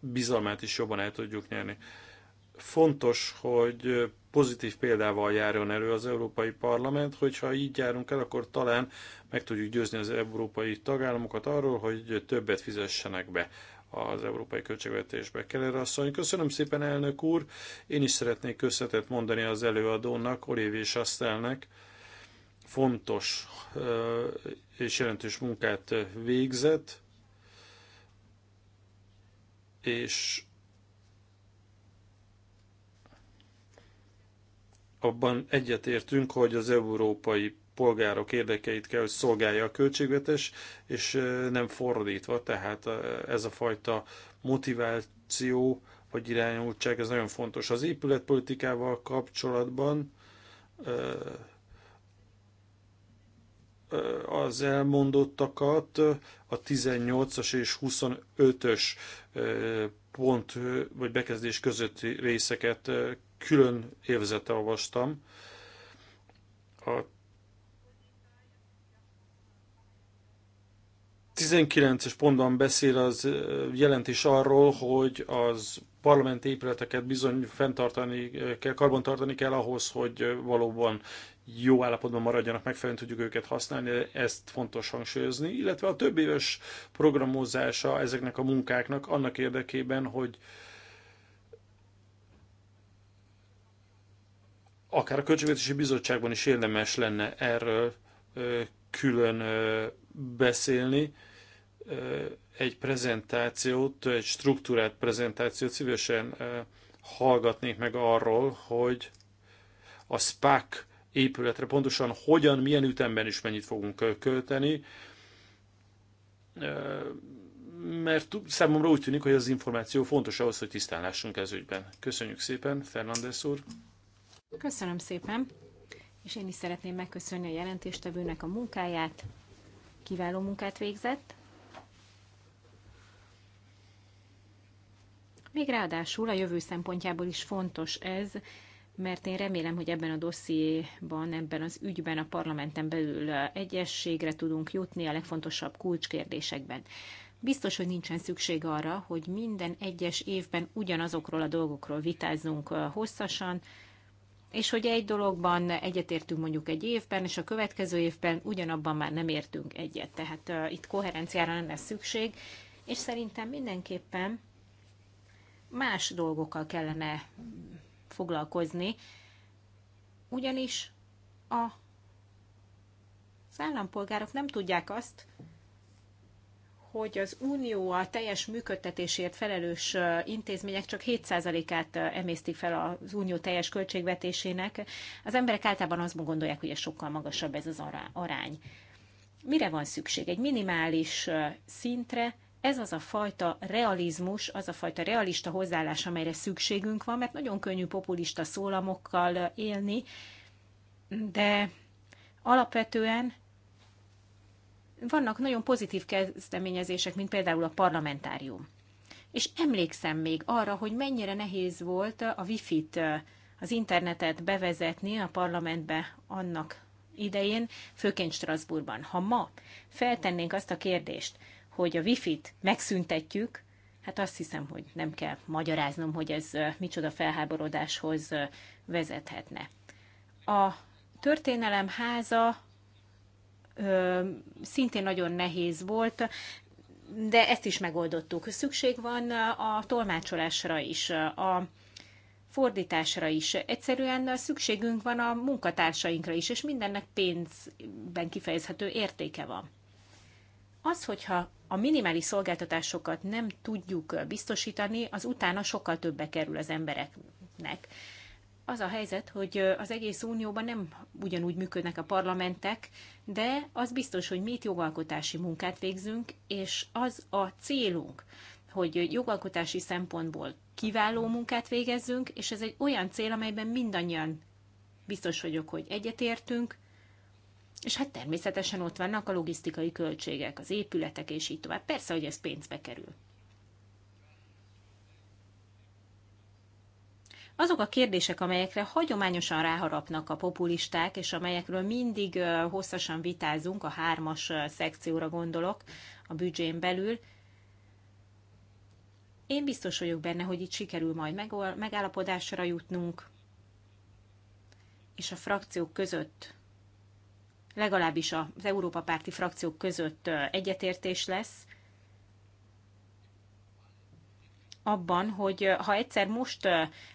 bizalmát is jobban el tudjuk nyerni. Fontos, hogy pozitív példával járjon elő az Európai Parlament, hogyha így járunk el, akkor talán meg tudjuk győzni az európai tagállamokat arról, hogy többet fizessenek be az európai költségvetésbe. Keller asszony, köszönöm szépen, elnök úr. Én is szeretnék köszönetet mondani az előadónak, Olivier Sastelnek. Fontos és jelentős munkát végzett, és abban egyetértünk, hogy az európai polgárok érdekeit kell, hogy szolgálja a költségvetés, és nem fordítva, tehát ez a fajta motiváció vagy irányultság, ez nagyon fontos. Az épületpolitikával kapcsolatban az elmondottakat a 18-as és 25-ös pont vagy bekezdés közötti részeket külön élvezete olvastam. A 19-es pontban beszél az jelentés arról, hogy az parlamenti épületeket bizony fenntartani kell, karbantartani kell ahhoz, hogy valóban jó állapotban maradjanak, megfelelően tudjuk őket használni, ezt fontos hangsúlyozni, illetve a több éves programozása ezeknek a munkáknak annak érdekében, hogy akár a Költségvetési Bizottságban is érdemes lenne erről külön beszélni. Egy prezentációt, egy struktúrát prezentációt szívesen hallgatnék meg arról, hogy a SPAC épületre pontosan hogyan, milyen ütemben is mennyit fogunk költeni, mert számomra úgy tűnik, hogy az információ fontos ahhoz, hogy tisztán lássunk ez ügyben. Köszönjük szépen, Fernández úr! Köszönöm szépen, és én is szeretném megköszönni a jelentéstevőnek a munkáját kiváló munkát végzett. Még ráadásul a jövő szempontjából is fontos ez, mert én remélem, hogy ebben a dossziéban, ebben az ügyben a parlamenten belül egyességre tudunk jutni a legfontosabb kulcskérdésekben. Biztos, hogy nincsen szükség arra, hogy minden egyes évben ugyanazokról a dolgokról vitázzunk hosszasan, és hogy egy dologban egyetértünk mondjuk egy évben, és a következő évben ugyanabban már nem értünk egyet. Tehát uh, itt koherenciára nem lesz szükség, és szerintem mindenképpen más dolgokkal kellene foglalkozni, ugyanis a, az állampolgárok nem tudják azt, hogy az unió a teljes működtetésért felelős intézmények csak 7%-át emésztik fel az unió teljes költségvetésének. Az emberek általában azt gondolják, hogy ez sokkal magasabb ez az arány. Mire van szükség? Egy minimális szintre, ez az a fajta realizmus, az a fajta realista hozzáállás, amelyre szükségünk van, mert nagyon könnyű populista szólamokkal élni, de alapvetően vannak nagyon pozitív kezdeményezések, mint például a parlamentárium. És emlékszem még arra, hogy mennyire nehéz volt a wifi-t, az internetet bevezetni a parlamentbe annak idején, főként Strasbourgban. Ha ma feltennénk azt a kérdést, hogy a wifi-t megszüntetjük, hát azt hiszem, hogy nem kell magyaráznom, hogy ez micsoda felháborodáshoz vezethetne. A történelem háza szintén nagyon nehéz volt, de ezt is megoldottuk. Szükség van a tolmácsolásra is, a fordításra is. Egyszerűen szükségünk van a munkatársainkra is, és mindennek pénzben kifejezhető értéke van. Az, hogyha a minimális szolgáltatásokat nem tudjuk biztosítani, az utána sokkal többe kerül az embereknek az a helyzet, hogy az egész unióban nem ugyanúgy működnek a parlamentek, de az biztos, hogy mi itt jogalkotási munkát végzünk, és az a célunk, hogy jogalkotási szempontból kiváló munkát végezzünk, és ez egy olyan cél, amelyben mindannyian biztos vagyok, hogy egyetértünk, és hát természetesen ott vannak a logisztikai költségek, az épületek és így tovább. Persze, hogy ez pénzbe kerül. Azok a kérdések, amelyekre hagyományosan ráharapnak a populisták, és amelyekről mindig hosszasan vitázunk, a hármas szekcióra gondolok a büdzsén belül, én biztos vagyok benne, hogy itt sikerül majd megállapodásra jutnunk, és a frakciók között, legalábbis az Európa párti frakciók között egyetértés lesz, abban, hogy ha egyszer most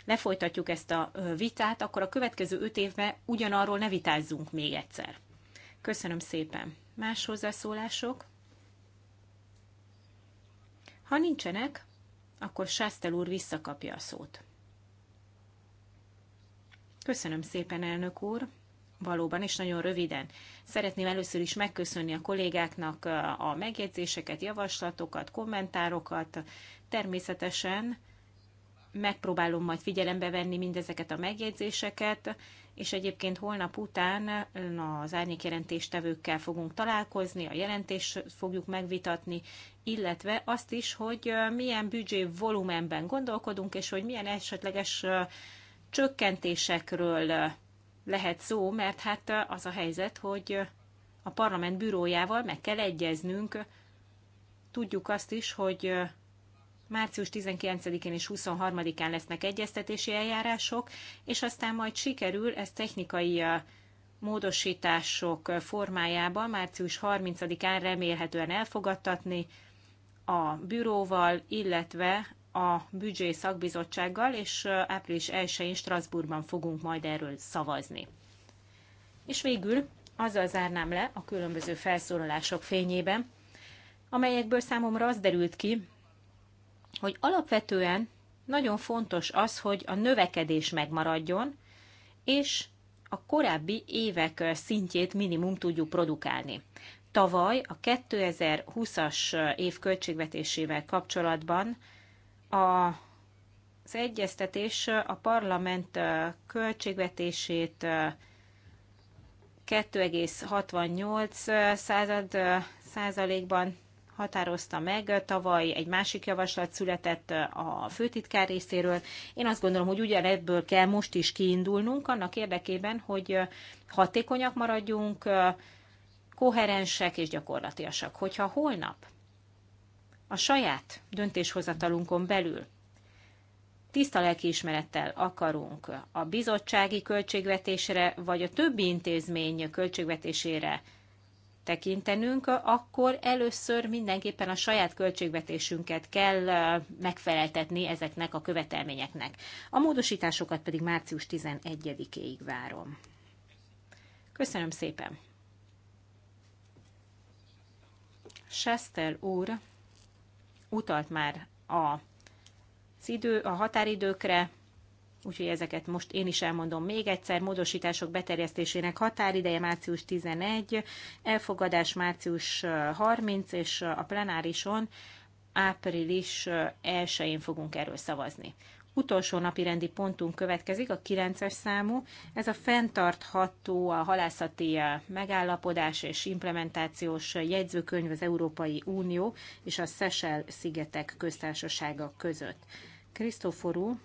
lefolytatjuk ezt a vitát, akkor a következő öt évben ugyanarról ne vitázzunk még egyszer. Köszönöm szépen. Más hozzászólások? Ha nincsenek, akkor Sásztel úr visszakapja a szót. Köszönöm szépen, elnök úr valóban, és nagyon röviden. Szeretném először is megköszönni a kollégáknak a megjegyzéseket, javaslatokat, kommentárokat. Természetesen megpróbálom majd figyelembe venni mindezeket a megjegyzéseket, és egyébként holnap után az árnyékjelentéstevőkkel fogunk találkozni, a jelentést fogjuk megvitatni, illetve azt is, hogy milyen büdzsé volumenben gondolkodunk, és hogy milyen esetleges csökkentésekről lehet szó, mert hát az a helyzet, hogy a parlament bürójával meg kell egyeznünk. Tudjuk azt is, hogy március 19-én és 23-án lesznek egyeztetési eljárások, és aztán majd sikerül ezt technikai módosítások formájában március 30-án remélhetően elfogadtatni a bűróval, illetve a büdzsé szakbizottsággal, és április 1-én Strasbourgban fogunk majd erről szavazni. És végül azzal zárnám le a különböző felszólalások fényében, amelyekből számomra az derült ki, hogy alapvetően nagyon fontos az, hogy a növekedés megmaradjon, és a korábbi évek szintjét minimum tudjuk produkálni. Tavaly a 2020-as év költségvetésével kapcsolatban a az egyeztetés a parlament költségvetését 2,68 század százalékban határozta meg. Tavaly egy másik javaslat született a főtitkár részéről. Én azt gondolom, hogy ugyanebből kell most is kiindulnunk, annak érdekében, hogy hatékonyak maradjunk, koherensek és gyakorlatiasak. Hogyha holnap a saját döntéshozatalunkon belül tiszta lelkiismerettel akarunk a bizottsági költségvetésre, vagy a többi intézmény költségvetésére tekintenünk, akkor először mindenképpen a saját költségvetésünket kell megfeleltetni ezeknek a követelményeknek. A módosításokat pedig március 11-éig várom. Köszönöm szépen! Sester úr utalt már a az idő, a határidőkre, úgyhogy ezeket most én is elmondom még egyszer. Módosítások beterjesztésének határideje március 11, elfogadás március 30, és a plenárison április 1-én fogunk erről szavazni. Utolsó napi rendi pontunk következik, a 9-es számú. Ez a fenntartható a halászati megállapodás és implementációs jegyzőkönyv az Európai Unió és a Szesel szigetek köztársasága között. Krisztoforú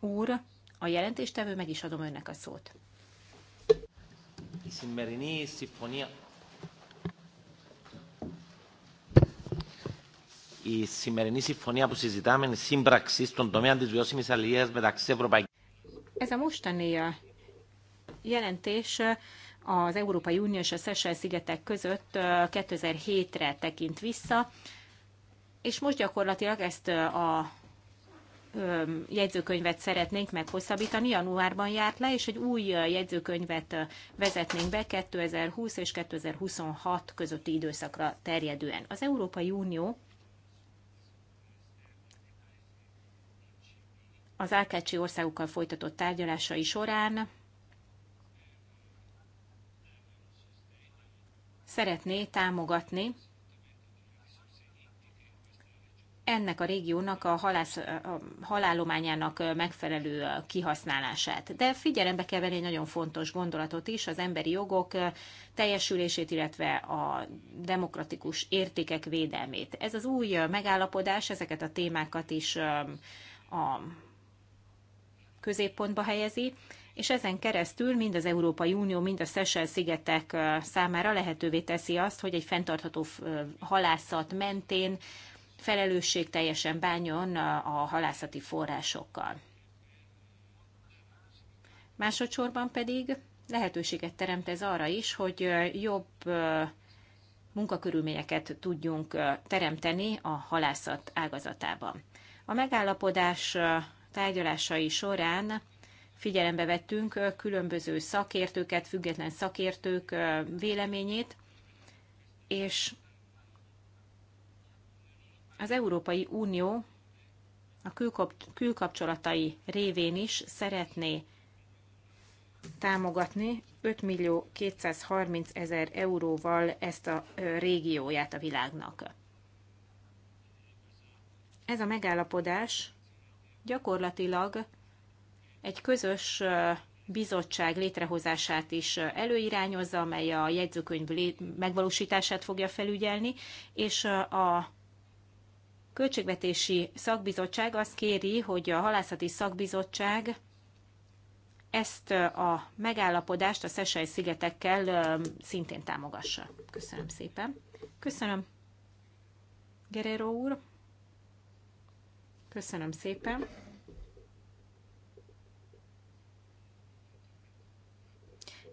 úr, a jelentéstevő, meg is adom önnek a szót. η σημερινή συμφωνία που συζητάμε είναι σύμπραξη στον τομέα της βιώσιμης αλληλείας μεταξύ Ευρωπαϊκής. Ez a mostani jelentés az Európai Unió és a Szesel szigetek között 2007-re tekint vissza, és most gyakorlatilag ezt a jegyzőkönyvet szeretnénk meghosszabbítani, januárban járt le, és egy új jegyzőkönyvet vezetnénk be 2020 és 2026 közötti időszakra terjedően. Az Európai Unió az Ákácsi országokkal folytatott tárgyalásai során szeretné támogatni ennek a régiónak a, halász, a halálományának megfelelő kihasználását. De figyelembe kell venni egy nagyon fontos gondolatot is, az emberi jogok teljesülését, illetve a demokratikus értékek védelmét. Ez az új megállapodás ezeket a témákat is a középpontba helyezi, és ezen keresztül mind az Európai Unió, mind a Seychelles-szigetek számára lehetővé teszi azt, hogy egy fenntartható halászat mentén felelősség teljesen bánjon a halászati forrásokkal. Másodszorban pedig lehetőséget teremt ez arra is, hogy jobb munkakörülményeket tudjunk teremteni a halászat ágazatában. A megállapodás tárgyalásai során figyelembe vettünk különböző szakértőket, független szakértők véleményét, és az Európai Unió a külkapcsolatai révén is szeretné támogatni 5 millió 230 ezer euróval ezt a régióját a világnak. Ez a megállapodás gyakorlatilag egy közös bizottság létrehozását is előirányozza, amely a jegyzőkönyv megvalósítását fogja felügyelni, és a Költségvetési Szakbizottság azt kéri, hogy a Halászati Szakbizottság ezt a megállapodást a Szesely szigetekkel szintén támogassa. Köszönöm szépen. Köszönöm. Guerrero úr. Köszönöm szépen.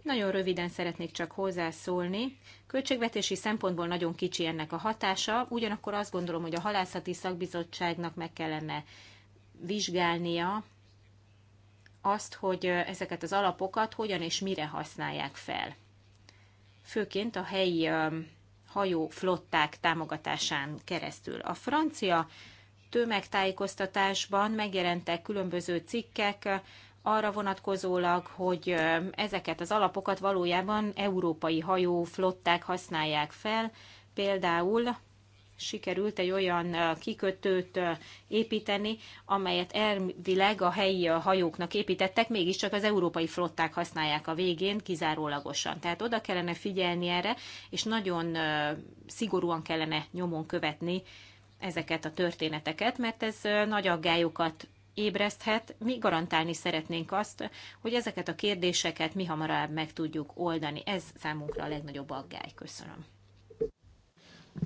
Nagyon röviden szeretnék csak hozzászólni. Költségvetési szempontból nagyon kicsi ennek a hatása, ugyanakkor azt gondolom, hogy a halászati szakbizottságnak meg kellene vizsgálnia azt, hogy ezeket az alapokat hogyan és mire használják fel. Főként a helyi hajó flották támogatásán keresztül. A francia tömegtájékoztatásban megjelentek különböző cikkek arra vonatkozólag, hogy ezeket az alapokat valójában európai hajóflották használják fel. Például sikerült egy olyan kikötőt építeni, amelyet elvileg a helyi hajóknak építettek, mégiscsak az európai flották használják a végén kizárólagosan. Tehát oda kellene figyelni erre, és nagyon szigorúan kellene nyomon követni ezeket a történeteket, mert ez nagy aggályokat ébreszthet. Mi garantálni szeretnénk azt, hogy ezeket a kérdéseket mi hamarabb meg tudjuk oldani. Ez számunkra a legnagyobb aggály. Köszönöm.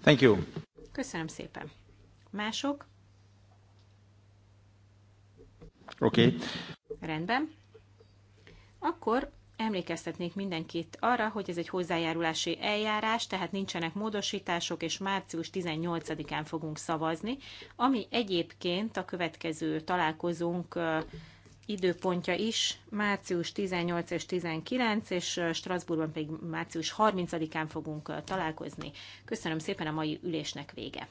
Thank you. Köszönöm szépen. Mások? Oké. Okay. Rendben. Akkor emlékeztetnék mindenkit arra, hogy ez egy hozzájárulási eljárás, tehát nincsenek módosítások, és március 18-án fogunk szavazni, ami egyébként a következő találkozónk időpontja is, március 18 és 19, és Strasbourgban pedig március 30-án fogunk találkozni. Köszönöm szépen a mai ülésnek vége.